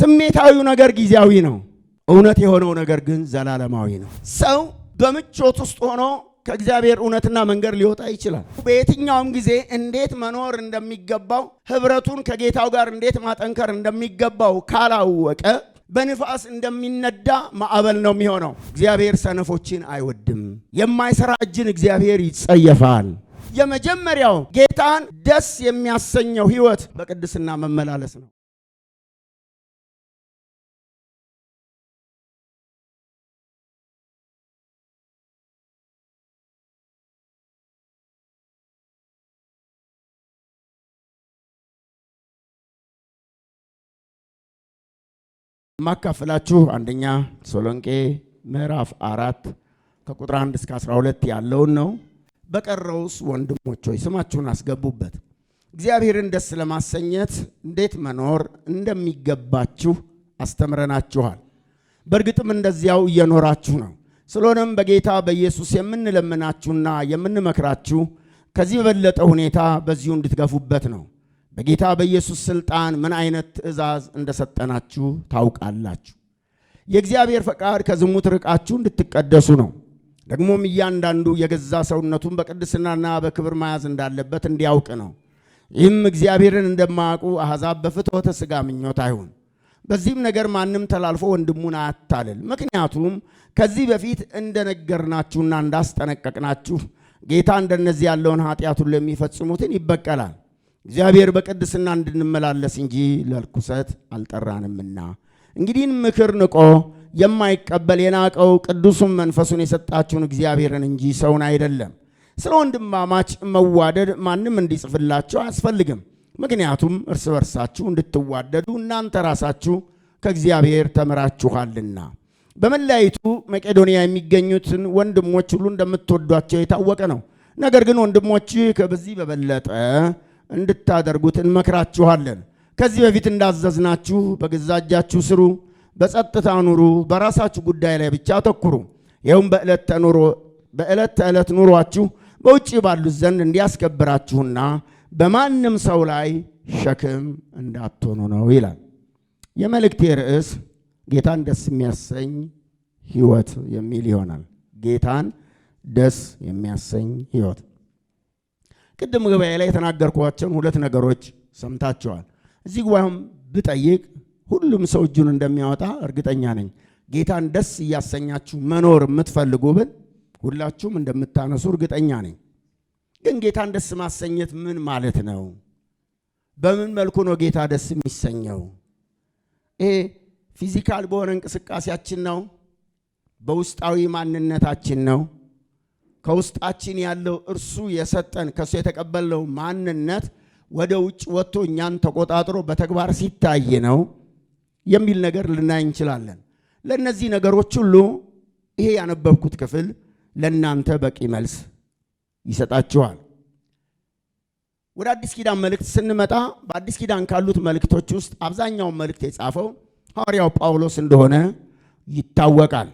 ስሜታዊው ነገር ጊዜያዊ ነው። እውነት የሆነው ነገር ግን ዘላለማዊ ነው። ሰው በምቾት ውስጥ ሆኖ ከእግዚአብሔር እውነትና መንገድ ሊወጣ ይችላል። በየትኛውም ጊዜ እንዴት መኖር እንደሚገባው ህብረቱን ከጌታው ጋር እንዴት ማጠንከር እንደሚገባው ካላወቀ በንፋስ እንደሚነዳ ማዕበል ነው የሚሆነው። እግዚአብሔር ሰነፎችን አይወድም። የማይሰራ እጅን እግዚአብሔር ይጸየፋል። የመጀመሪያው ጌታን ደስ የሚያሰኘው ህይወት በቅድስና መመላለስ ነው። የማካፈላችሁ አንደኛ ተሰሎንቄ ምዕራፍ አራት ከቁጥር አንድ እስከ 12 ያለውን ነው። በቀረውስ ወንድሞች ሆይ ስማችሁን አስገቡበት። እግዚአብሔርን ደስ ለማሰኘት እንዴት መኖር እንደሚገባችሁ አስተምረናችኋል። በእርግጥም እንደዚያው እየኖራችሁ ነው። ስለሆነም በጌታ በኢየሱስ የምንለምናችሁና የምንመክራችሁ ከዚህ በበለጠ ሁኔታ በዚሁ እንድትገፉበት ነው። በጌታ በኢየሱስ ሥልጣን ምን አይነት ትእዛዝ እንደሰጠናችሁ ታውቃላችሁ። የእግዚአብሔር ፈቃድ ከዝሙት ርቃችሁ እንድትቀደሱ ነው። ደግሞም እያንዳንዱ የገዛ ሰውነቱን በቅድስናና በክብር መያዝ እንዳለበት እንዲያውቅ ነው። ይህም እግዚአብሔርን እንደማያውቁ አሕዛብ በፍትወተ ሥጋ ምኞት አይሁን። በዚህም ነገር ማንም ተላልፎ ወንድሙን አያታልል። ምክንያቱም ከዚህ በፊት እንደነገርናችሁና እንዳስጠነቀቅናችሁ ጌታ እንደነዚህ ያለውን ኃጢአቱን ለሚፈጽሙትን ይበቀላል። እግዚአብሔር በቅድስና እንድንመላለስ እንጂ ለርኩሰት አልጠራንምና። እንግዲህን ምክር ንቆ የማይቀበል የናቀው ቅዱሱን መንፈሱን የሰጣችሁን እግዚአብሔርን እንጂ ሰውን አይደለም። ስለ ወንድማማች መዋደድ ማንም እንዲጽፍላችሁ አያስፈልግም። ምክንያቱም እርስ በርሳችሁ እንድትዋደዱ እናንተ ራሳችሁ ከእግዚአብሔር ተምራችኋልና። በመላይቱ መቄዶንያ የሚገኙትን ወንድሞች ሁሉ እንደምትወዷቸው የታወቀ ነው። ነገር ግን ወንድሞች ከዚህ በበለጠ እንድታደርጉት እንመክራችኋለን። ከዚህ በፊት እንዳዘዝናችሁ በገዛ እጃችሁ ስሩ፣ በጸጥታ ኑሩ፣ በራሳችሁ ጉዳይ ላይ ብቻ አተኩሩ። ይኸውም በዕለት ተዕለት ኑሯችሁ በውጭ ባሉት ዘንድ እንዲያስከብራችሁና በማንም ሰው ላይ ሸክም እንዳትሆኑ ነው ይላል። የመልእክቴ ርዕስ ጌታን ደስ የሚያሰኝ ሕይወት የሚል ይሆናል። ጌታን ደስ የሚያሰኝ ሕይወት ቅድም ገበያ ላይ የተናገርኳቸውን ሁለት ነገሮች ሰምታችኋል። እዚህ ጉባኤም ብጠይቅ ሁሉም ሰው እጁን እንደሚያወጣ እርግጠኛ ነኝ። ጌታን ደስ እያሰኛችሁ መኖር የምትፈልጉ ብን ሁላችሁም እንደምታነሱ እርግጠኛ ነኝ። ግን ጌታን ደስ ማሰኘት ምን ማለት ነው? በምን መልኩ ነው ጌታ ደስ የሚሰኘው? ይሄ ፊዚካል በሆነ እንቅስቃሴያችን ነው? በውስጣዊ ማንነታችን ነው ከውስጣችን ያለው እርሱ የሰጠን ከእሱ የተቀበልነው ማንነት ወደ ውጭ ወጥቶ እኛን ተቆጣጥሮ በተግባር ሲታይ ነው የሚል ነገር ልናይ እንችላለን። ለእነዚህ ነገሮች ሁሉ ይሄ ያነበብኩት ክፍል ለእናንተ በቂ መልስ ይሰጣችኋል። ወደ አዲስ ኪዳን መልእክት ስንመጣ በአዲስ ኪዳን ካሉት መልእክቶች ውስጥ አብዛኛውን መልእክት የጻፈው ሐዋርያው ጳውሎስ እንደሆነ ይታወቃል።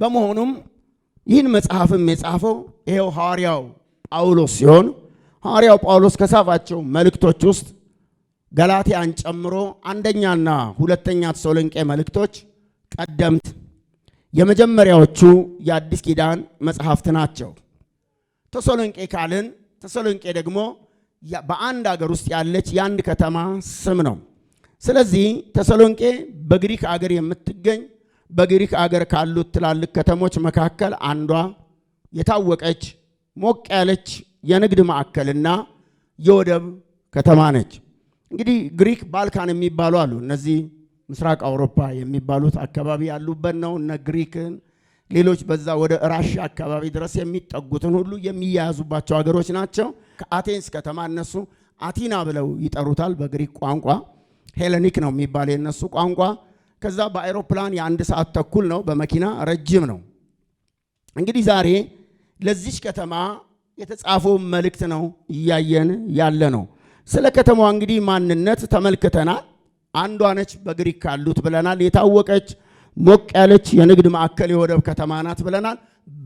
በመሆኑም ይህን መጽሐፍም የጻፈው ይኸው ሐዋርያው ጳውሎስ ሲሆን ሐዋርያው ጳውሎስ ከጻፋቸው መልእክቶች ውስጥ ገላትያን ጨምሮ አንደኛና ሁለተኛ ተሰሎንቄ መልእክቶች ቀደምት የመጀመሪያዎቹ የአዲስ ኪዳን መጽሐፍት ናቸው። ተሰሎንቄ ካልን ተሰሎንቄ ደግሞ በአንድ አገር ውስጥ ያለች የአንድ ከተማ ስም ነው። ስለዚህ ተሰሎንቄ በግሪክ አገር የምትገኝ በግሪክ አገር ካሉት ትላልቅ ከተሞች መካከል አንዷ የታወቀች ሞቅ ያለች የንግድ ማዕከልና የወደብ ከተማ ነች። እንግዲህ ግሪክ ባልካን የሚባሉ አሉ። እነዚህ ምስራቅ አውሮፓ የሚባሉት አካባቢ ያሉበት ነው። እነ ግሪክን፣ ሌሎች በዛ ወደ ራሽያ አካባቢ ድረስ የሚጠጉትን ሁሉ የሚያያዙባቸው ሀገሮች ናቸው። ከአቴንስ ከተማ እነሱ አቲና ብለው ይጠሩታል በግሪክ ቋንቋ። ሄለኒክ ነው የሚባል የነሱ ቋንቋ ከዛ በአይሮፕላን የአንድ ሰዓት ተኩል ነው፣ በመኪና ረጅም ነው። እንግዲህ ዛሬ ለዚች ከተማ የተጻፈው መልእክት ነው እያየን ያለ ነው። ስለ ከተማዋ እንግዲህ ማንነት ተመልክተናል። አንዷ ነች በግሪክ ካሉት ብለናል። የታወቀች ሞቅ ያለች የንግድ ማዕከል የወደብ ከተማ ናት ብለናል።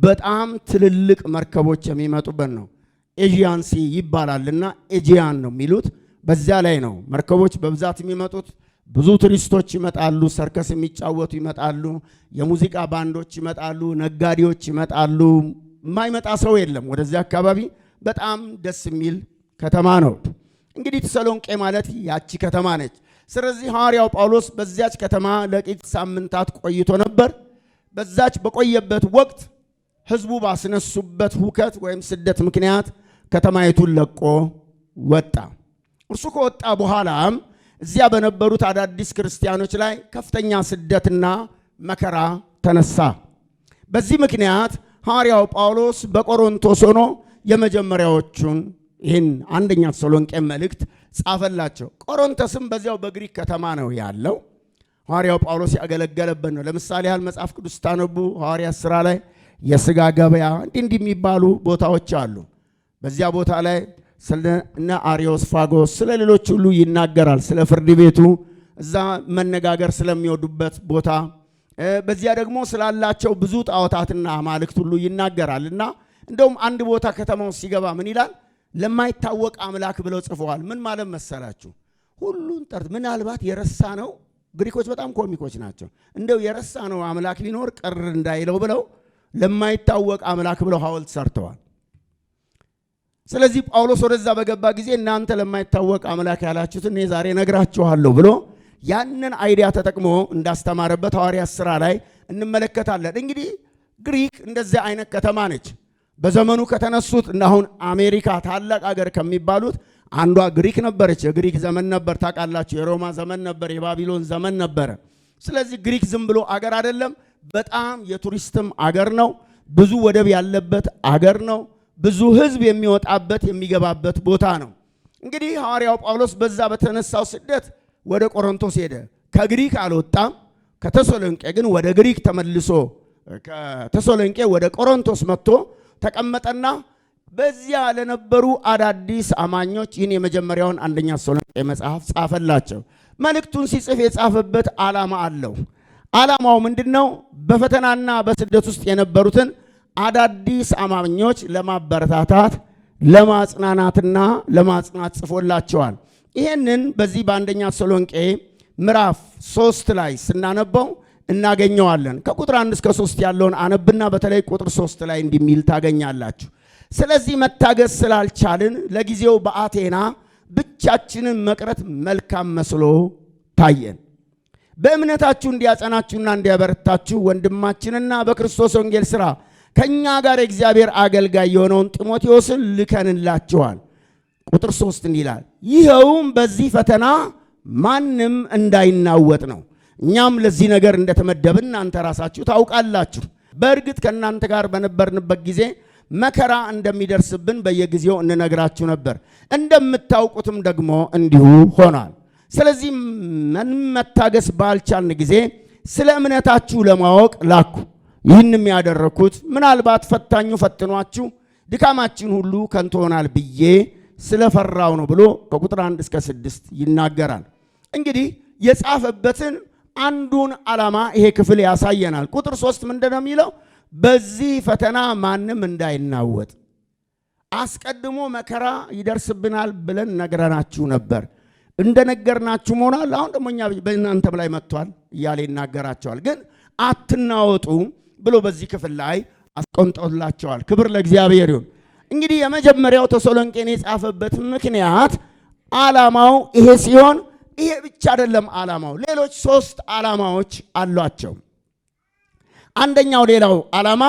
በጣም ትልልቅ መርከቦች የሚመጡበት ነው። ኤዥያን ሲ ይባላልና ኤጂያን ነው የሚሉት። በዚያ ላይ ነው መርከቦች በብዛት የሚመጡት። ብዙ ቱሪስቶች ይመጣሉ፣ ሰርከስ የሚጫወቱ ይመጣሉ፣ የሙዚቃ ባንዶች ይመጣሉ፣ ነጋዴዎች ይመጣሉ። የማይመጣ ሰው የለም። ወደዚህ አካባቢ በጣም ደስ የሚል ከተማ ነው። እንግዲህ ተሰሎንቄ ማለት ያቺ ከተማ ነች። ስለዚህ ሐዋርያው ጳውሎስ በዚያች ከተማ ለጥቂት ሳምንታት ቆይቶ ነበር። በዛች በቆየበት ወቅት ህዝቡ ባስነሱበት ሁከት ወይም ስደት ምክንያት ከተማይቱን ለቆ ወጣ። እርሱ ከወጣ በኋላም እዚያ በነበሩት አዳዲስ ክርስቲያኖች ላይ ከፍተኛ ስደትና መከራ ተነሳ። በዚህ ምክንያት ሐዋርያው ጳውሎስ በቆሮንቶስ ሆኖ የመጀመሪያዎቹን ይህን አንደኛ ተሰሎንቄ መልእክት ጻፈላቸው። ቆሮንቶስም በዚያው በግሪክ ከተማ ነው ያለው። ሐዋርያው ጳውሎስ ያገለገለበት ነው። ለምሳሌ ያህል መጽሐፍ ቅዱስ ታነቡ ሐዋርያ ሥራ ላይ የሥጋ ገበያ እንዲህ እንዲህ የሚባሉ ቦታዎች አሉ። በዚያ ቦታ ላይ ስለነ አሪዮስፋጎስ ስለ ሌሎች ሁሉ ይናገራል። ስለ ፍርድ ቤቱ እዛ መነጋገር ስለሚወዱበት ቦታ በዚያ ደግሞ ስላላቸው ብዙ ጣዖታትና አማልክት ሁሉ ይናገራል እና እንደውም አንድ ቦታ ከተማው ሲገባ ምን ይላል? ለማይታወቅ አምላክ ብለው ጽፈዋል። ምን ማለት መሰላችሁ? ሁሉን ጠርት ምናልባት የረሳ ነው። ግሪኮች በጣም ኮሚኮች ናቸው። እንደው የረሳ ነው አምላክ ቢኖር ቅር እንዳይለው ብለው ለማይታወቅ አምላክ ብለው ሐውልት ሰርተዋል። ስለዚህ ጳውሎስ ወደዛ በገባ ጊዜ እናንተ ለማይታወቅ አምላክ ያላችሁት እኔ ዛሬ ነግራችኋለሁ ብሎ ያንን አይዲያ ተጠቅሞ እንዳስተማረበት ሐዋርያት ሥራ ላይ እንመለከታለን። እንግዲህ ግሪክ እንደዚያ አይነት ከተማ ነች። በዘመኑ ከተነሱት እንዳሁን አሁን አሜሪካ ታላቅ አገር ከሚባሉት አንዷ ግሪክ ነበረች። የግሪክ ዘመን ነበር ታውቃላችሁ። የሮማ ዘመን ነበር፣ የባቢሎን ዘመን ነበረ። ስለዚህ ግሪክ ዝም ብሎ አገር አይደለም። በጣም የቱሪስትም አገር ነው። ብዙ ወደብ ያለበት አገር ነው። ብዙ ሕዝብ የሚወጣበት የሚገባበት ቦታ ነው። እንግዲህ ሐዋርያው ጳውሎስ በዛ በተነሳው ስደት ወደ ቆሮንቶስ ሄደ። ከግሪክ አልወጣም። ከተሰሎንቄ ግን ወደ ግሪክ ተመልሶ ከተሰሎንቄ ወደ ቆሮንቶስ መጥቶ ተቀመጠና በዚያ ለነበሩ አዳዲስ አማኞች ይህን የመጀመሪያውን አንደኛ ተሰሎንቄ መጽሐፍ ጻፈላቸው። መልእክቱን ሲጽፍ የጻፈበት ዓላማ አለው። ዓላማው ምንድን ነው? በፈተናና በስደት ውስጥ የነበሩትን አዳዲስ አማኞች ለማበረታታት ለማጽናናትና ለማጽናት ጽፎላቸዋል። ይህንን በዚህ በአንደኛ ተሰሎንቄ ምዕራፍ ሶስት ላይ ስናነበው እናገኘዋለን። ከቁጥር አንድ እስከ ሶስት ያለውን አነብና በተለይ ቁጥር ሶስት ላይ እንዲሚል ታገኛላችሁ። ስለዚህ መታገስ ስላልቻልን ለጊዜው በአቴና ብቻችንን መቅረት መልካም መስሎ ታየን። በእምነታችሁ እንዲያጸናችሁና እንዲያበረታችሁ ወንድማችንና በክርስቶስ ወንጌል ሥራ ከእኛ ጋር የእግዚአብሔር አገልጋይ የሆነውን ጢሞቴዎስን ልከንላችኋል። ቁጥር ሶስት እንዲህ ይላል፣ ይኸውም በዚህ ፈተና ማንም እንዳይናወጥ ነው። እኛም ለዚህ ነገር እንደተመደብን እናንተ ራሳችሁ ታውቃላችሁ። በእርግጥ ከእናንተ ጋር በነበርንበት ጊዜ መከራ እንደሚደርስብን በየጊዜው እንነግራችሁ ነበር፣ እንደምታውቁትም ደግሞ እንዲሁ ሆኗል። ስለዚህ መታገስ ባልቻልን ጊዜ ስለ እምነታችሁ ለማወቅ ላኩ። ይህንም ያደረኩት ምናልባት ፈታኙ ፈትኗችሁ ድካማችን ሁሉ ከንቱ ሆናል ብዬ ስለፈራው ነው ብሎ ከቁጥር አንድ እስከ ስድስት ይናገራል። እንግዲህ የጻፈበትን አንዱን ዓላማ ይሄ ክፍል ያሳየናል። ቁጥር ሶስት ምንድን ነው የሚለው? በዚህ ፈተና ማንም እንዳይናወጥ አስቀድሞ መከራ ይደርስብናል ብለን ነግረናችሁ ነበር፣ እንደነገርናችሁ መሆናል። አሁን ደግሞ እኛ በእናንተም ላይ መጥቷል እያለ ይናገራቸዋል። ግን አትናወጡ ብሎ በዚህ ክፍል ላይ አስቆንጦላቸዋል። ክብር ለእግዚአብሔር ይሁን። እንግዲህ የመጀመሪያው ተሰሎንቄን የጻፈበት ምክንያት ዓላማው ይሄ ሲሆን ይሄ ብቻ አይደለም ዓላማው። ሌሎች ሶስት ዓላማዎች አሏቸው። አንደኛው ሌላው ዓላማ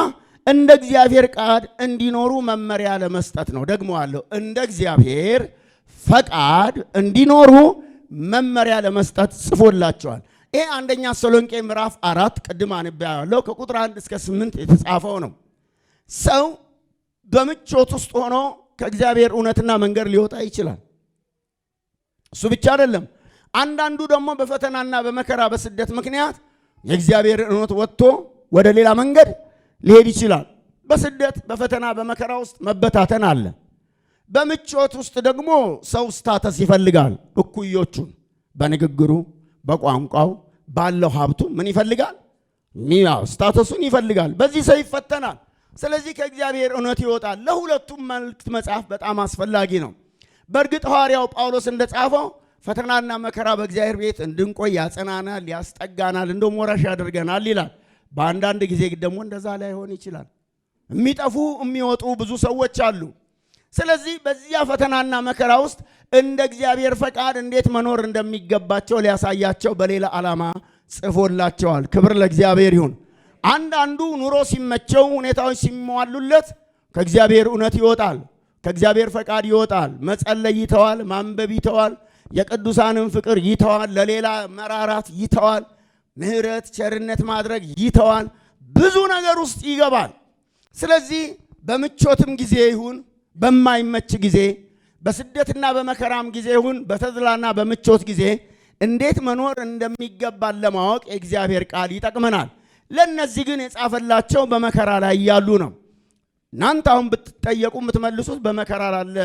እንደ እግዚአብሔር ቃድ እንዲኖሩ መመሪያ ለመስጠት ነው። ደግሞ አለው እንደ እግዚአብሔር ፈቃድ እንዲኖሩ መመሪያ ለመስጠት ጽፎላቸዋል። ይህ አንደኛ ተሰሎንቄ ምዕራፍ አራት ቅድም አንብቤዋለሁ ከቁጥር አንድ እስከ ስምንት የተጻፈው ነው። ሰው በምቾት ውስጥ ሆኖ ከእግዚአብሔር እውነትና መንገድ ሊወጣ ይችላል። እሱ ብቻ አይደለም። አንዳንዱ ደግሞ በፈተናና በመከራ በስደት ምክንያት የእግዚአብሔር እውነት ወጥቶ ወደ ሌላ መንገድ ሊሄድ ይችላል። በስደት በፈተና በመከራ ውስጥ መበታተን አለ። በምቾት ውስጥ ደግሞ ሰው ስታተስ ይፈልጋል እኩዮቹን በንግግሩ በቋንቋው ባለው ሀብቱ ምን ይፈልጋል? ሚያው ስታተሱን ይፈልጋል። በዚህ ሰው ይፈተናል። ስለዚህ ከእግዚአብሔር እውነት ይወጣል። ለሁለቱም መልእክት መጽሐፍ በጣም አስፈላጊ ነው። በእርግጥ ሐዋርያው ጳውሎስ እንደጻፈው ፈተናና መከራ በእግዚአብሔር ቤት እንድንቆይ ያጸናናል፣ ያስጠጋናል፣ እንደውም ወራሽ ያደርገናል ይላል። በአንዳንድ ጊዜ ደግሞ እንደዛ ላይሆን ይችላል። የሚጠፉ የሚወጡ ብዙ ሰዎች አሉ። ስለዚህ በዚያ ፈተናና መከራ ውስጥ እንደ እግዚአብሔር ፈቃድ እንዴት መኖር እንደሚገባቸው ሊያሳያቸው በሌላ ዓላማ ጽፎላቸዋል። ክብር ለእግዚአብሔር ይሁን። አንዳንዱ ኑሮ ሲመቸው፣ ሁኔታዎች ሲሟሉለት ከእግዚአብሔር እውነት ይወጣል፣ ከእግዚአብሔር ፈቃድ ይወጣል። መጸለይ ይተዋል፣ ማንበብ ይተዋል፣ የቅዱሳንን ፍቅር ይተዋል፣ ለሌላ መራራት ይተዋል፣ ምሕረት ቸርነት ማድረግ ይተዋል። ብዙ ነገር ውስጥ ይገባል። ስለዚህ በምቾትም ጊዜ ይሁን በማይመች ጊዜ በስደትና በመከራም ጊዜ ይሁን በተድላና በምቾት ጊዜ እንዴት መኖር እንደሚገባን ለማወቅ የእግዚአብሔር ቃል ይጠቅመናል። ለእነዚህ ግን የጻፈላቸው በመከራ ላይ እያሉ ነው። እናንተ አሁን ብትጠየቁ የምትመልሱት በመከራ ላለ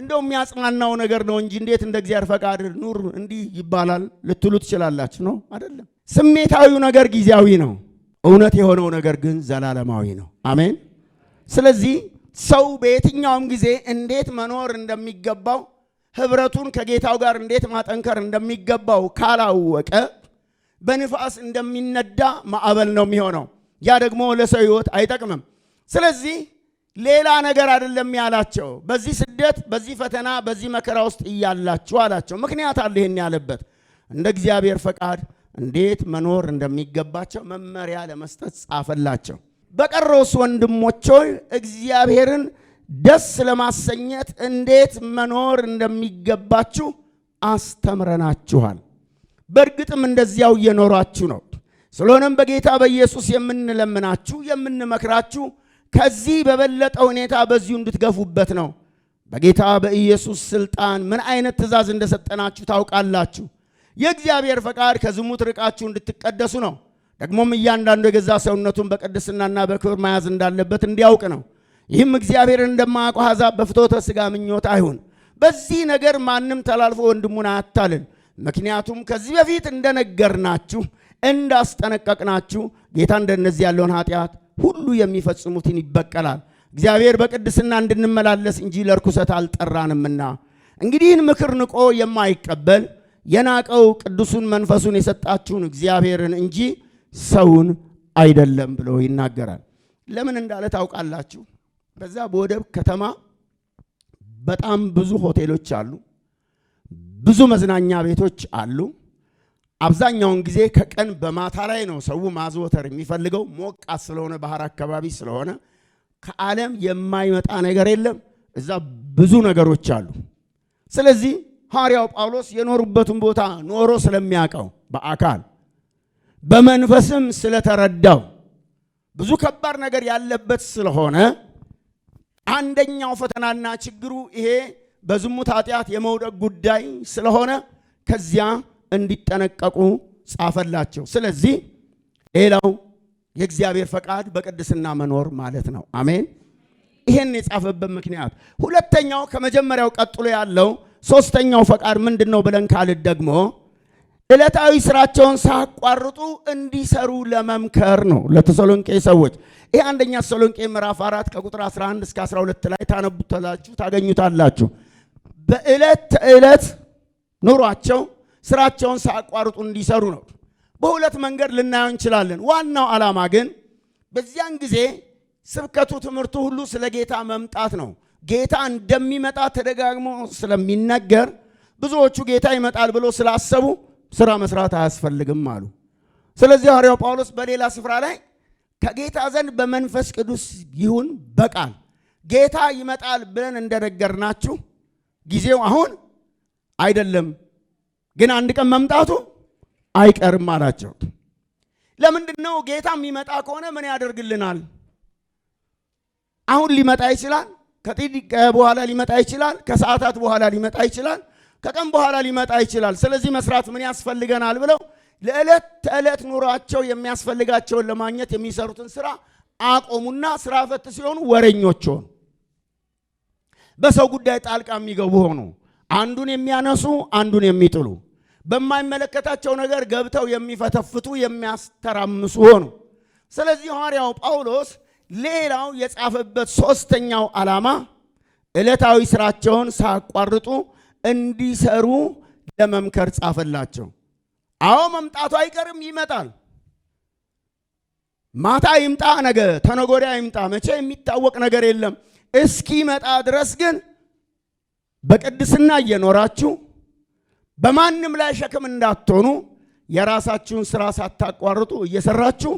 እንደው የሚያጽናናው ነገር ነው እንጂ እንዴት እንደ እግዚአብሔር ፈቃድ ኑር እንዲህ ይባላል ልትሉ ትችላላችሁ። ነው አይደለም? ስሜታዊው ነገር ጊዜያዊ ነው። እውነት የሆነው ነገር ግን ዘላለማዊ ነው። አሜን። ስለዚህ ሰው በየትኛውም ጊዜ እንዴት መኖር እንደሚገባው ህብረቱን ከጌታው ጋር እንዴት ማጠንከር እንደሚገባው ካላወቀ በንፋስ እንደሚነዳ ማዕበል ነው የሚሆነው። ያ ደግሞ ለሰው ህይወት አይጠቅምም። ስለዚህ ሌላ ነገር አይደለም ያላቸው በዚህ ስደት፣ በዚህ ፈተና፣ በዚህ መከራ ውስጥ እያላችሁ አላቸው። ምክንያት አለ ይህን ያለበት እንደ እግዚአብሔር ፈቃድ እንዴት መኖር እንደሚገባቸው መመሪያ ለመስጠት ጻፈላቸው። በቀረውስ ወንድሞች ሆይ እግዚአብሔርን ደስ ለማሰኘት እንዴት መኖር እንደሚገባችሁ አስተምረናችኋል። በእርግጥም እንደዚያው እየኖራችሁ ነው። ስለሆነም በጌታ በኢየሱስ የምንለምናችሁ የምንመክራችሁ ከዚህ በበለጠ ሁኔታ በዚሁ እንድትገፉበት ነው። በጌታ በኢየሱስ ስልጣን ምን አይነት ትእዛዝ እንደሰጠናችሁ ታውቃላችሁ። የእግዚአብሔር ፈቃድ ከዝሙት ርቃችሁ እንድትቀደሱ ነው። ደግሞም እያንዳንዱ የገዛ ሰውነቱን በቅድስናና በክብር መያዝ እንዳለበት እንዲያውቅ ነው። ይህም እግዚአብሔርን እንደማያውቁ አሕዛብ በፍትወተ ሥጋ ምኞት አይሁን። በዚህ ነገር ማንም ተላልፎ ወንድሙን አያታልን ምክንያቱም ከዚህ በፊት እንደነገርናችሁ እንዳስጠነቀቅናችሁ ጌታ እንደነዚህ ያለውን ኃጢአት ሁሉ የሚፈጽሙትን ይበቀላል። እግዚአብሔር በቅድስና እንድንመላለስ እንጂ ለርኩሰት አልጠራንምና። እንግዲህን ምክር ንቆ የማይቀበል የናቀው ቅዱሱን መንፈሱን የሰጣችሁን እግዚአብሔርን እንጂ ሰውን አይደለም ብሎ ይናገራል። ለምን እንዳለ ታውቃላችሁ? በዛ በወደብ ከተማ በጣም ብዙ ሆቴሎች አሉ፣ ብዙ መዝናኛ ቤቶች አሉ። አብዛኛውን ጊዜ ከቀን በማታ ላይ ነው ሰው ማዝወተር የሚፈልገው ሞቃት ስለሆነ ባህር አካባቢ ስለሆነ ከዓለም የማይመጣ ነገር የለም። እዛ ብዙ ነገሮች አሉ። ስለዚህ ሐዋርያው ጳውሎስ የኖሩበትን ቦታ ኖሮ ስለሚያውቀው በአካል በመንፈስም ስለተረዳው ብዙ ከባድ ነገር ያለበት ስለሆነ አንደኛው ፈተናና ችግሩ ይሄ በዝሙት ኃጢአት የመውደቅ ጉዳይ ስለሆነ ከዚያ እንዲጠነቀቁ ጻፈላቸው። ስለዚህ ሌላው የእግዚአብሔር ፈቃድ በቅድስና መኖር ማለት ነው። አሜን። ይሄን የጻፈበት ምክንያት ሁለተኛው ከመጀመሪያው ቀጥሎ ያለው ሶስተኛው ፈቃድ ምንድን ነው ብለን ካልን ደግሞ ዕለታዊ ስራቸውን ሳያቋርጡ እንዲሰሩ ለመምከር ነው ለተሰሎንቄ ሰዎች። ይህ አንደኛ ተሰሎንቄ ምዕራፍ አራት ከቁጥር 11 እስከ 12 ላይ ታነቡታላችሁ ታገኙታላችሁ። በዕለት ተዕለት ኑሯቸው ስራቸውን ሳያቋርጡ እንዲሰሩ ነው። በሁለት መንገድ ልናየው እንችላለን። ዋናው ዓላማ ግን በዚያን ጊዜ ስብከቱ፣ ትምህርቱ ሁሉ ስለ ጌታ መምጣት ነው። ጌታ እንደሚመጣ ተደጋግሞ ስለሚነገር ብዙዎቹ ጌታ ይመጣል ብሎ ስላሰቡ ስራ መስራት አያስፈልግም አሉ። ስለዚህ ሐዋርያው ጳውሎስ በሌላ ስፍራ ላይ ከጌታ ዘንድ በመንፈስ ቅዱስ ይሁን በቃል ጌታ ይመጣል ብለን እንደነገርናችሁ ጊዜው አሁን አይደለም፣ ግን አንድ ቀን መምጣቱ አይቀርም አላቸው። ለምንድን ነው ጌታ የሚመጣ ከሆነ ምን ያደርግልናል? አሁን ሊመጣ ይችላል። ከጥቂት በኋላ ሊመጣ ይችላል። ከሰዓታት በኋላ ሊመጣ ይችላል። ከቀን በኋላ ሊመጣ ይችላል። ስለዚህ መስራት ምን ያስፈልገናል ብለው ለዕለት ተዕለት ኑሯቸው የሚያስፈልጋቸውን ለማግኘት የሚሰሩትን ስራ አቆሙና ስራ ፈት ሲሆኑ ወረኞች ሆኑ። በሰው ጉዳይ ጣልቃ የሚገቡ ሆኑ። አንዱን የሚያነሱ አንዱን የሚጥሉ በማይመለከታቸው ነገር ገብተው የሚፈተፍቱ የሚያስተራምሱ ሆኑ። ስለዚህ ሐዋርያው ጳውሎስ ሌላው የጻፈበት ሦስተኛው ዓላማ ዕለታዊ ስራቸውን ሳያቋርጡ እንዲሰሩ ለመምከር ጻፈላቸው። አዎ መምጣቱ አይቀርም፣ ይመጣል። ማታ ይምጣ፣ ነገ ተነጎዳ ይምጣ፣ መቼ የሚታወቅ ነገር የለም። እስኪመጣ ድረስ ግን በቅድስና እየኖራችሁ በማንም ላይ ሸክም እንዳትሆኑ የራሳችሁን ስራ ሳታቋርጡ እየሰራችሁ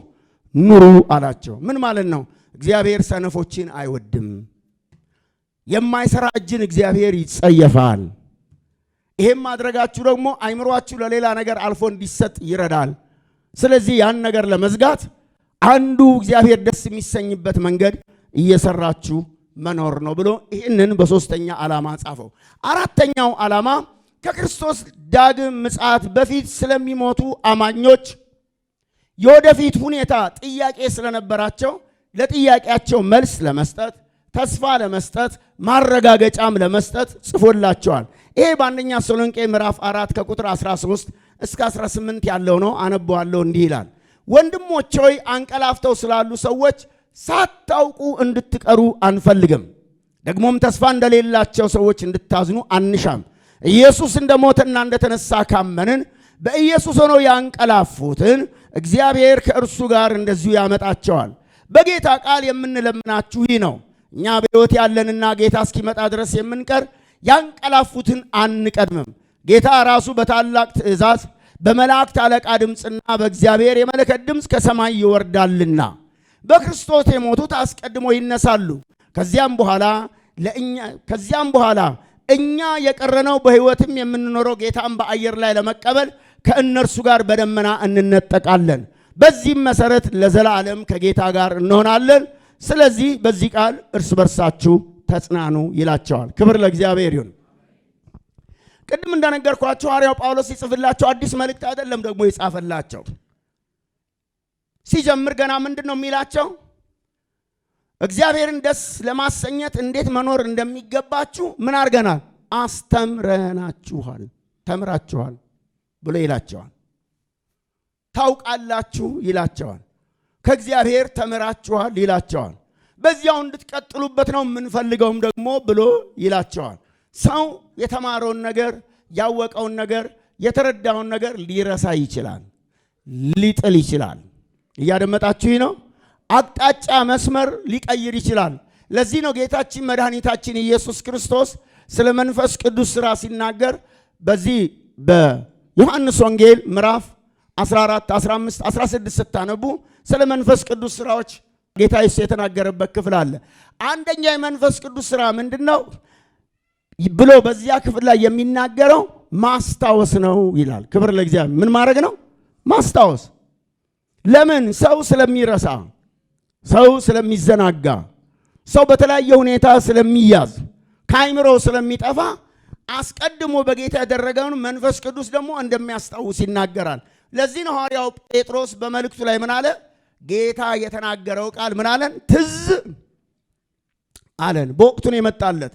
ኑሩ አላቸው። ምን ማለት ነው? እግዚአብሔር ሰነፎችን አይወድም። የማይሰራ እጅን እግዚአብሔር ይጸየፋል። ይሄም ማድረጋችሁ ደግሞ አይምሯችሁ ለሌላ ነገር አልፎ እንዲሰጥ ይረዳል። ስለዚህ ያን ነገር ለመዝጋት አንዱ እግዚአብሔር ደስ የሚሰኝበት መንገድ እየሰራችሁ መኖር ነው ብሎ ይህንን በሶስተኛ ዓላማ ጻፈው። አራተኛው ዓላማ ከክርስቶስ ዳግም ምጽአት በፊት ስለሚሞቱ አማኞች የወደፊት ሁኔታ ጥያቄ ስለነበራቸው ለጥያቄያቸው መልስ ለመስጠት ተስፋ ለመስጠት ማረጋገጫም ለመስጠት ጽፎላቸዋል። ይሄ በአንደኛ ተሰሎንቄ ምዕራፍ አራት ከቁጥር 13 እስከ 18 ያለው ነው። አነበዋለሁ። እንዲህ ይላል፣ ወንድሞች ሆይ አንቀላፍተው ስላሉ ሰዎች ሳታውቁ እንድትቀሩ አንፈልግም። ደግሞም ተስፋ እንደሌላቸው ሰዎች እንድታዝኑ አንሻም። ኢየሱስ እንደ ሞተና እንደተነሳ ካመንን በኢየሱስ ሆነው ያንቀላፉትን እግዚአብሔር ከእርሱ ጋር እንደዚሁ ያመጣቸዋል። በጌታ ቃል የምንለምናችሁ ይህ ነው፣ እኛ በሕይወት ያለንና ጌታ እስኪመጣ ድረስ የምንቀር ያንቀላፉትን አንቀድምም። ጌታ ራሱ በታላቅ ትእዛዝ በመላእክት አለቃ ድምፅና በእግዚአብሔር የመለከት ድምፅ ከሰማይ ይወርዳልና በክርስቶስ የሞቱት አስቀድሞ ይነሳሉ። ከዚያም በኋላ ለእኛ ከዚያም በኋላ እኛ የቀረነው በሕይወትም የምንኖረው ጌታን በአየር ላይ ለመቀበል ከእነርሱ ጋር በደመና እንነጠቃለን። በዚህም መሰረት ለዘላለም ከጌታ ጋር እንሆናለን። ስለዚህ በዚህ ቃል እርስ በርሳችሁ ተጽናኑ ይላቸዋል። ክብር ለእግዚአብሔር ይሁን። ቅድም እንደነገርኳቸው ሐዋርያው ጳውሎስ ይጽፍላቸው አዲስ መልእክት አይደለም ደግሞ የጻፈላቸው። ሲጀምር ገና ምንድን ነው የሚላቸው? እግዚአብሔርን ደስ ለማሰኘት እንዴት መኖር እንደሚገባችሁ ምን አድርገናል? አስተምረናችኋል፣ ተምራችኋል ብሎ ይላቸዋል። ታውቃላችሁ ይላቸዋል። ከእግዚአብሔር ተምራችኋል ይላቸዋል። በዚያው እንድትቀጥሉበት ነው የምንፈልገውም ደግሞ ብሎ ይላቸዋል። ሰው የተማረውን ነገር ያወቀውን ነገር የተረዳውን ነገር ሊረሳ ይችላል፣ ሊጥል ይችላል። እያደመጣችሁኝ ነው? አቅጣጫ መስመር ሊቀይር ይችላል። ለዚህ ነው ጌታችን መድኃኒታችን ኢየሱስ ክርስቶስ ስለ መንፈስ ቅዱስ ሥራ ሲናገር በዚህ በዮሐንስ ወንጌል ምዕራፍ 14፣ 15፣ 16 ስታነቡ ስለ መንፈስ ቅዱስ ሥራዎች ጌታ ኢየሱስ የተናገረበት ክፍል አለ። አንደኛ የመንፈስ ቅዱስ ስራ ምንድን ነው ብሎ በዚያ ክፍል ላይ የሚናገረው ማስታወስ ነው ይላል። ክብር ለእግዚአብሔር። ምን ማድረግ ነው? ማስታወስ። ለምን? ሰው ስለሚረሳ፣ ሰው ስለሚዘናጋ፣ ሰው በተለያየ ሁኔታ ስለሚያዝ፣ ከአይምሮ ስለሚጠፋ አስቀድሞ በጌታ ያደረገውን መንፈስ ቅዱስ ደግሞ እንደሚያስታውስ ይናገራል። ለዚህ ነው ሐዋርያው ጴጥሮስ በመልእክቱ ላይ ምን አለ? ጌታ የተናገረው ቃል ምን አለን? ትዝ አለን። በወቅቱን የመጣለት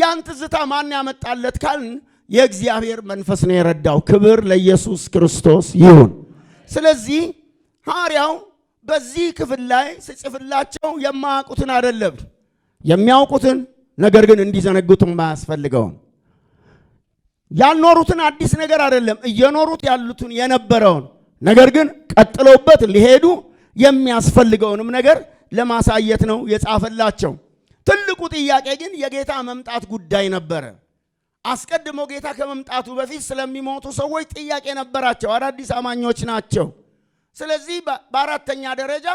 ያን ትዝታ ማን ያመጣለት ካልን የእግዚአብሔር መንፈስ ነው የረዳው። ክብር ለኢየሱስ ክርስቶስ ይሁን። ስለዚህ ሐዋርያው በዚህ ክፍል ላይ ሲጽፍላቸው የማያውቁትን አይደለም የሚያውቁትን ነገር ግን እንዲዘነጉትም አያስፈልገውም። ያልኖሩትን አዲስ ነገር አይደለም እየኖሩት ያሉትን የነበረውን ነገር ግን ቀጥለውበት ሊሄዱ የሚያስፈልገውንም ነገር ለማሳየት ነው የጻፈላቸው። ትልቁ ጥያቄ ግን የጌታ መምጣት ጉዳይ ነበረ። አስቀድሞ ጌታ ከመምጣቱ በፊት ስለሚሞቱ ሰዎች ጥያቄ ነበራቸው። አዳዲስ አማኞች ናቸው። ስለዚህ በአራተኛ ደረጃ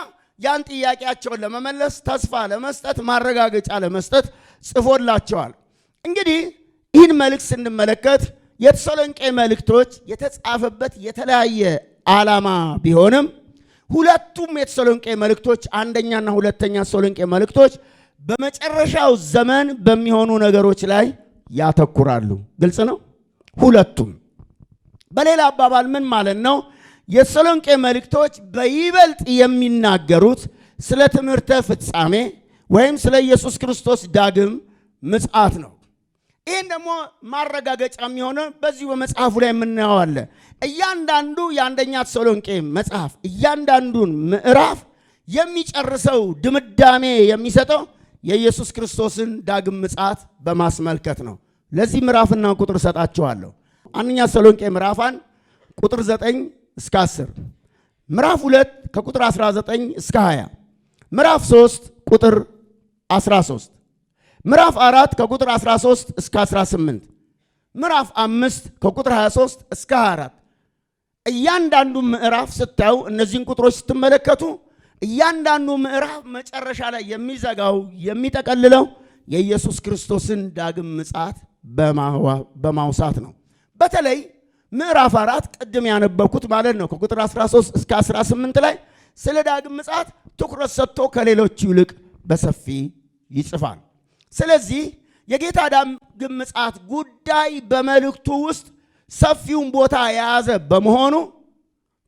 ያን ጥያቄያቸውን ለመመለስ ተስፋ ለመስጠት ማረጋገጫ ለመስጠት ጽፎላቸዋል። እንግዲህ ይህን መልእክት ስንመለከት የተሰሎንቄ መልእክቶች የተጻፈበት የተለያየ ዓላማ ቢሆንም ሁለቱም የተሰሎንቄ መልእክቶች አንደኛና ሁለተኛ ተሰሎንቄ መልእክቶች በመጨረሻው ዘመን በሚሆኑ ነገሮች ላይ ያተኩራሉ። ግልጽ ነው። ሁለቱም በሌላ አባባል ምን ማለት ነው? የተሰሎንቄ መልእክቶች በይበልጥ የሚናገሩት ስለ ትምህርተ ፍጻሜ ወይም ስለ ኢየሱስ ክርስቶስ ዳግም ምጽአት ነው። ይህን ደግሞ ማረጋገጫ የሚሆነ በዚሁ በመጽሐፉ ላይ የምናየዋለ እያንዳንዱ የአንደኛ ተሰሎንቄ መጽሐፍ እያንዳንዱን ምዕራፍ የሚጨርሰው ድምዳሜ የሚሰጠው የኢየሱስ ክርስቶስን ዳግም ምጽአት በማስመልከት ነው። ለዚህ ምዕራፍና ቁጥር እሰጣችኋለሁ። አንደኛ ተሰሎንቄ ምዕራፋን ቁጥር 9 እስከ 10፣ ምዕራፍ 2 ከቁጥር 19 እስከ 20፣ ምዕራፍ 3 ቁጥር 13 ምዕራፍ አራት ከቁጥር 13 እስከ 18 ምዕራፍ አምስት ከቁጥር 23 እስከ 24 እያንዳንዱ ምዕራፍ ስታዩ እነዚህን ቁጥሮች ስትመለከቱ እያንዳንዱ ምዕራፍ መጨረሻ ላይ የሚዘጋው የሚጠቀልለው የኢየሱስ ክርስቶስን ዳግም ምጽአት በማውሳት ነው። በተለይ ምዕራፍ አራት ቅድም ያነበብኩት ማለት ነው ከቁጥር 13 እስከ 18 ላይ ስለ ዳግም ምጽአት ትኩረት ሰጥቶ ከሌሎች ይልቅ በሰፊ ይጽፋል። ስለዚህ የጌታ ዳግም ምጽአት ጉዳይ በመልእክቱ ውስጥ ሰፊውን ቦታ የያዘ በመሆኑ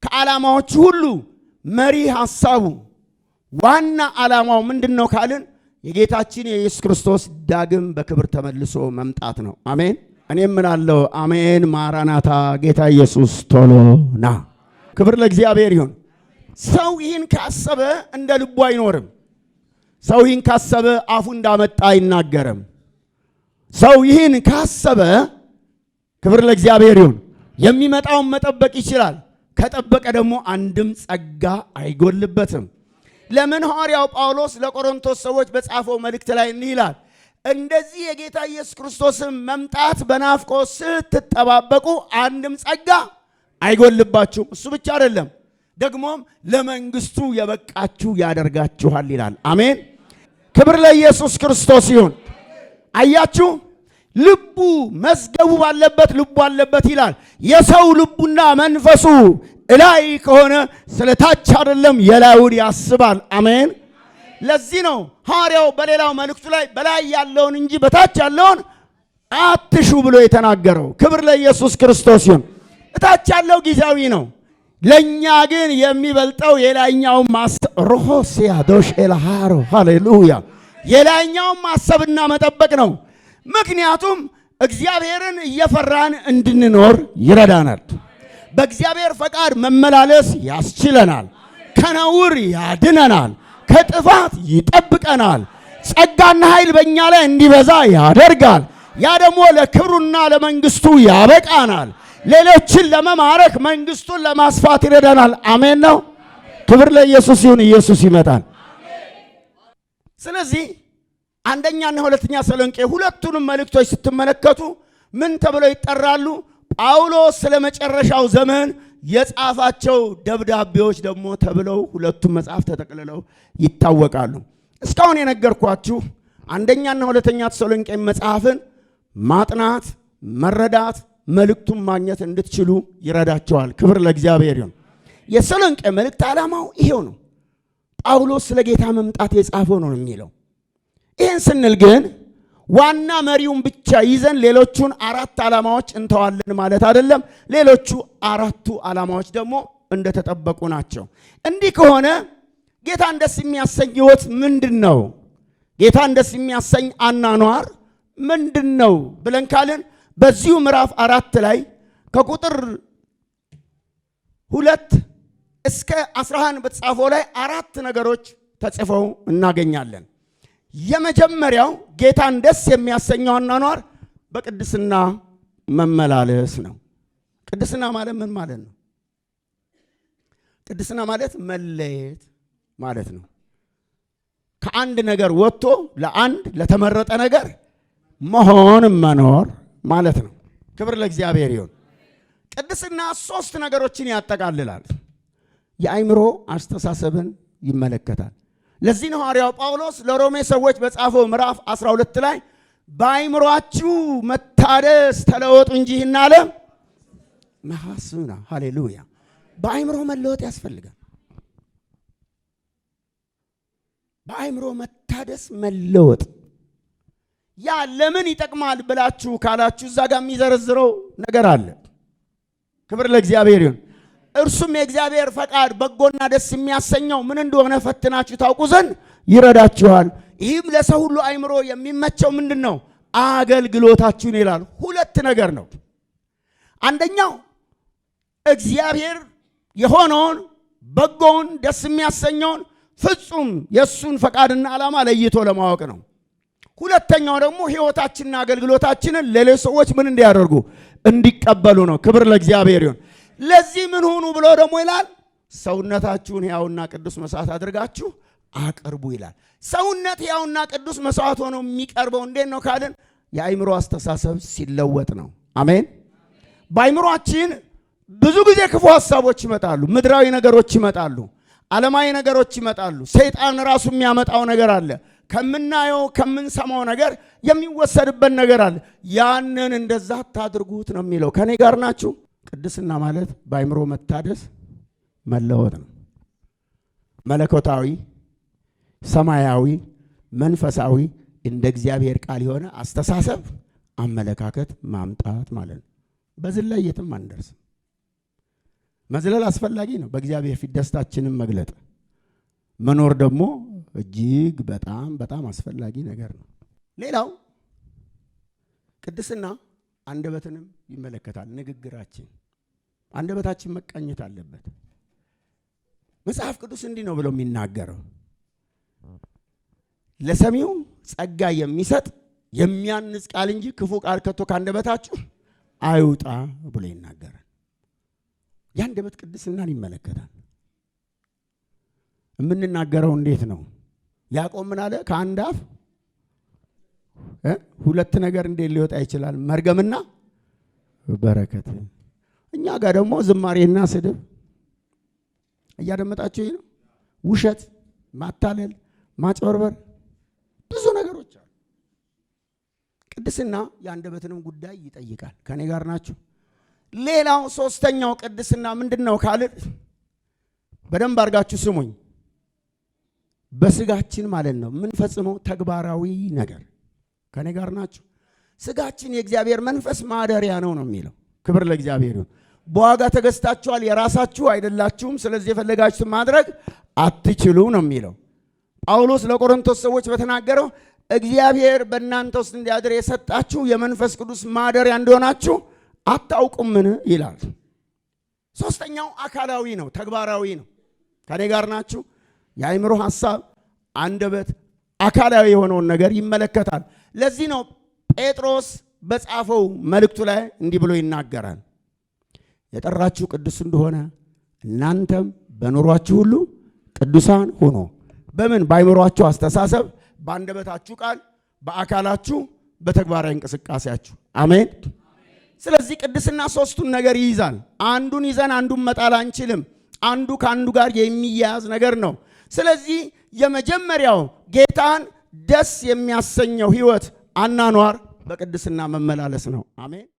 ከዓላማዎች ሁሉ መሪ ሐሳቡ ዋና ዓላማው ምንድን ነው ካልን የጌታችን የኢየሱስ ክርስቶስ ዳግም በክብር ተመልሶ መምጣት ነው። አሜን። እኔም ምናለው አሜን፣ ማራናታ፣ ጌታ ኢየሱስ ቶሎ ና። ክብር ለእግዚአብሔር ይሁን። ሰው ይህን ካሰበ እንደ ልቡ አይኖርም። ሰው ይህን ካሰበ አፉ እንዳመጣ አይናገርም። ሰው ይህን ካሰበ ክብር ለእግዚአብሔር ይሁን፣ የሚመጣውን መጠበቅ ይችላል። ከጠበቀ ደግሞ አንድም ጸጋ አይጎልበትም። ለምን ሐዋርያው ጳውሎስ ለቆሮንቶስ ሰዎች በጻፈው መልእክት ላይ እንዲህ ይላል፣ እንደዚህ የጌታ ኢየሱስ ክርስቶስን መምጣት በናፍቆ ስትጠባበቁ አንድም ጸጋ አይጎልባችሁም። እሱ ብቻ አይደለም ደግሞም ለመንግስቱ የበቃችሁ ያደርጋችኋል ይላል። አሜን። ክብር ለኢየሱስ ክርስቶስ ይሁን። አያችሁ፣ ልቡ መዝገቡ ባለበት ልቡ አለበት ይላል። የሰው ልቡና መንፈሱ እላይ ከሆነ ስለታች አይደለም የላዩን ያስባል። አሜን። ለዚህ ነው ሐዋርያው በሌላው መልእክቱ ላይ በላይ ያለውን እንጂ በታች ያለውን አትሹ ብሎ የተናገረው። ክብር ለኢየሱስ ክርስቶስ ይሁን። እታች ያለው ጊዜያዊ ነው። ለእኛ ግን የሚበልጠው የላይኛውን ማሰብ ሮሆ ሲያዶሽ ኤልሃሮ ሃሌሉያ የላይኛውን ማሰብና መጠበቅ ነው። ምክንያቱም እግዚአብሔርን እየፈራን እንድንኖር ይረዳናል። በእግዚአብሔር ፈቃድ መመላለስ ያስችለናል። ከነውር ያድነናል። ከጥፋት ይጠብቀናል። ጸጋና ኃይል በእኛ ላይ እንዲበዛ ያደርጋል። ያ ደግሞ ለክብሩና ለመንግስቱ ያበቃናል። ሌሎችን ለመማረክ መንግስቱን ለማስፋት ይረዳናል። አሜን ነው። ክብር ለኢየሱስ ይሁን። ኢየሱስ ይመጣል። ስለዚህ አንደኛና ሁለተኛ ተሰሎንቄ ሁለቱንም መልእክቶች ስትመለከቱ ምን ተብለው ይጠራሉ? ጳውሎስ ስለ መጨረሻው ዘመን የጻፋቸው ደብዳቤዎች ደግሞ ተብለው ሁለቱም መጽሐፍ ተጠቅልለው ይታወቃሉ። እስካሁን የነገርኳችሁ አንደኛና ሁለተኛ ተሰሎንቄ መጽሐፍን ማጥናት መረዳት መልእክቱን ማግኘት እንድትችሉ ይረዳቸዋል። ክብር ለእግዚአብሔር ይሁን። የሰሎንቄ መልእክት ዓላማው ይሄው ነው። ጳውሎስ ስለ ጌታ መምጣት የጻፈው ነው የሚለው። ይህን ስንል ግን ዋና መሪውን ብቻ ይዘን ሌሎቹን አራት ዓላማዎች እንተዋለን ማለት አይደለም። ሌሎቹ አራቱ ዓላማዎች ደግሞ እንደተጠበቁ ናቸው። እንዲህ ከሆነ ጌታን ደስ የሚያሰኝ ህይወት ምንድን ነው? ጌታን ደስ የሚያሰኝ አናኗር ምንድን ነው ብለን ካልን በዚሁ ምዕራፍ አራት ላይ ከቁጥር ሁለት እስከ አስራ አንድ በተጻፈው ላይ አራት ነገሮች ተጽፈው እናገኛለን። የመጀመሪያው ጌታን ደስ የሚያሰኘው አኗኗር በቅድስና መመላለስ ነው። ቅድስና ማለት ምን ማለት ነው? ቅድስና ማለት መለየት ማለት ነው። ከአንድ ነገር ወጥቶ ለአንድ ለተመረጠ ነገር መሆን መኖር ማለት ነው። ክብር ለእግዚአብሔር ይሁን። ቅድስና ሶስት ነገሮችን ያጠቃልላል። የአእምሮ አስተሳሰብን ይመለከታል። ለዚህ ነው ሐዋርያው ጳውሎስ ለሮሜ ሰዎች በጻፈው ምዕራፍ 12 ላይ በአእምሮአችሁ መታደስ ተለወጡ እንጂ ይህን ዓለም መሐስና። ሃሌሉያ! በአይምሮ መለወጥ ያስፈልጋል። በአይምሮ መታደስ መለወጥ ያ ለምን ይጠቅማል ብላችሁ ካላችሁ እዛ ጋር የሚዘረዝረው ነገር አለ። ክብር ለእግዚአብሔር ይሁን። እርሱም የእግዚአብሔር ፈቃድ በጎና ደስ የሚያሰኘው ምን እንደሆነ ፈትናችሁ ታውቁ ዘንድ ይረዳችኋል። ይህም ለሰው ሁሉ አይምሮ የሚመቸው ምንድን ነው? አገልግሎታችሁን ይላል። ሁለት ነገር ነው። አንደኛው እግዚአብሔር የሆነውን በጎውን ደስ የሚያሰኘውን ፍጹም የእሱን ፈቃድና ዓላማ ለይቶ ለማወቅ ነው። ሁለተኛው ደግሞ ህይወታችንና አገልግሎታችንን ለሌሎች ሰዎች ምን እንዲያደርጉ እንዲቀበሉ ነው። ክብር ለእግዚአብሔር ይሁን። ለዚህ ምን ሁኑ ብሎ ደግሞ ይላል ሰውነታችሁን ሕያውና ቅዱስ መስዋዕት አድርጋችሁ አቅርቡ ይላል። ሰውነት ሕያውና ቅዱስ መስዋዕት ሆኖ የሚቀርበው እንዴት ነው ካልን የአይምሮ አስተሳሰብ ሲለወጥ ነው። አሜን። በአእምሮአችን ብዙ ጊዜ ክፉ ሀሳቦች ይመጣሉ፣ ምድራዊ ነገሮች ይመጣሉ፣ ዓለማዊ ነገሮች ይመጣሉ። ሰይጣን ራሱ የሚያመጣው ነገር አለ ከምናየው ከምንሰማው ነገር የሚወሰድበት ነገር አለ። ያንን እንደዛ አታድርጉት ነው የሚለው። ከኔ ጋር ናችሁ? ቅድስና ማለት በአይምሮ መታደስ መለወጥ ነው። መለኮታዊ፣ ሰማያዊ፣ መንፈሳዊ እንደ እግዚአብሔር ቃል የሆነ አስተሳሰብ፣ አመለካከት ማምጣት ማለት ነው። ላይ የትም አንደርስም። መዝለል አስፈላጊ ነው። በእግዚአብሔር ፊት ደስታችንን መግለጥ መኖር ደግሞ እጅግ በጣም በጣም አስፈላጊ ነገር ነው። ሌላው ቅድስና አንደበትንም ይመለከታል። ንግግራችን አንደበታችን መቃኘት አለበት። መጽሐፍ ቅዱስ እንዲህ ነው ብሎ የሚናገረው ለሰሚው ጸጋ የሚሰጥ የሚያንጽ ቃል እንጂ ክፉ ቃል ከቶ ከአንደበታችሁ አይውጣ ብሎ ይናገራል። የአንደበት ቅድስናን ይመለከታል። የምንናገረው እንዴት ነው? ያዕቆብ ምን አለ? ከአንድ አፍ ሁለት ነገር እንዴት ሊወጣ ይችላል? መርገምና በረከት። እኛ ጋር ደግሞ ዝማሬና ስድብ እያደመጣችሁ ነው። ውሸት፣ ማታለል፣ ማጭበርበር ብዙ ነገሮች አሉ። ቅድስና የአንደበትንም ጉዳይ ይጠይቃል። ከኔ ጋር ናችሁ? ሌላው ሶስተኛው ቅድስና ምንድን ነው ካልን በደንብ አድርጋችሁ ስሙኝ። በስጋችን ማለት ነው የምንፈጽመው ተግባራዊ ነገር። ከኔ ጋር ናችሁ? ስጋችን የእግዚአብሔር መንፈስ ማደሪያ ነው ነው የሚለው። ክብር ለእግዚአብሔር ነው። በዋጋ ተገዝታችኋል፣ የራሳችሁ አይደላችሁም። ስለዚህ የፈለጋችሁትን ማድረግ አትችሉ ነው የሚለው ጳውሎስ ለቆሮንቶስ ሰዎች በተናገረው እግዚአብሔር በእናንተ ውስጥ እንዲያድር የሰጣችሁ የመንፈስ ቅዱስ ማደሪያ እንደሆናችሁ አታውቁምን ይላል። ሶስተኛው አካላዊ ነው፣ ተግባራዊ ነው። ከኔ ጋር ናችሁ? የአእምሮ ሐሳብ፣ አንደበት፣ አካላዊ የሆነውን ነገር ይመለከታል። ለዚህ ነው ጴጥሮስ በጻፈው መልእክቱ ላይ እንዲህ ብሎ ይናገራል። የጠራችሁ ቅዱስ እንደሆነ እናንተም በኑሯችሁ ሁሉ ቅዱሳን ሆኖ በምን? በአእምሯችሁ አስተሳሰብ፣ በአንደበታችሁ ቃል፣ በአካላችሁ፣ በተግባራዊ እንቅስቃሴያችሁ። አሜን። ስለዚህ ቅድስና ሶስቱን ነገር ይይዛል። አንዱን ይዘን አንዱን መጣል አንችልም። አንዱ ከአንዱ ጋር የሚያያዝ ነገር ነው። ስለዚህ የመጀመሪያው ጌታን ደስ የሚያሰኘው ህይወት አናኗር በቅድስና መመላለስ ነው። አሜን።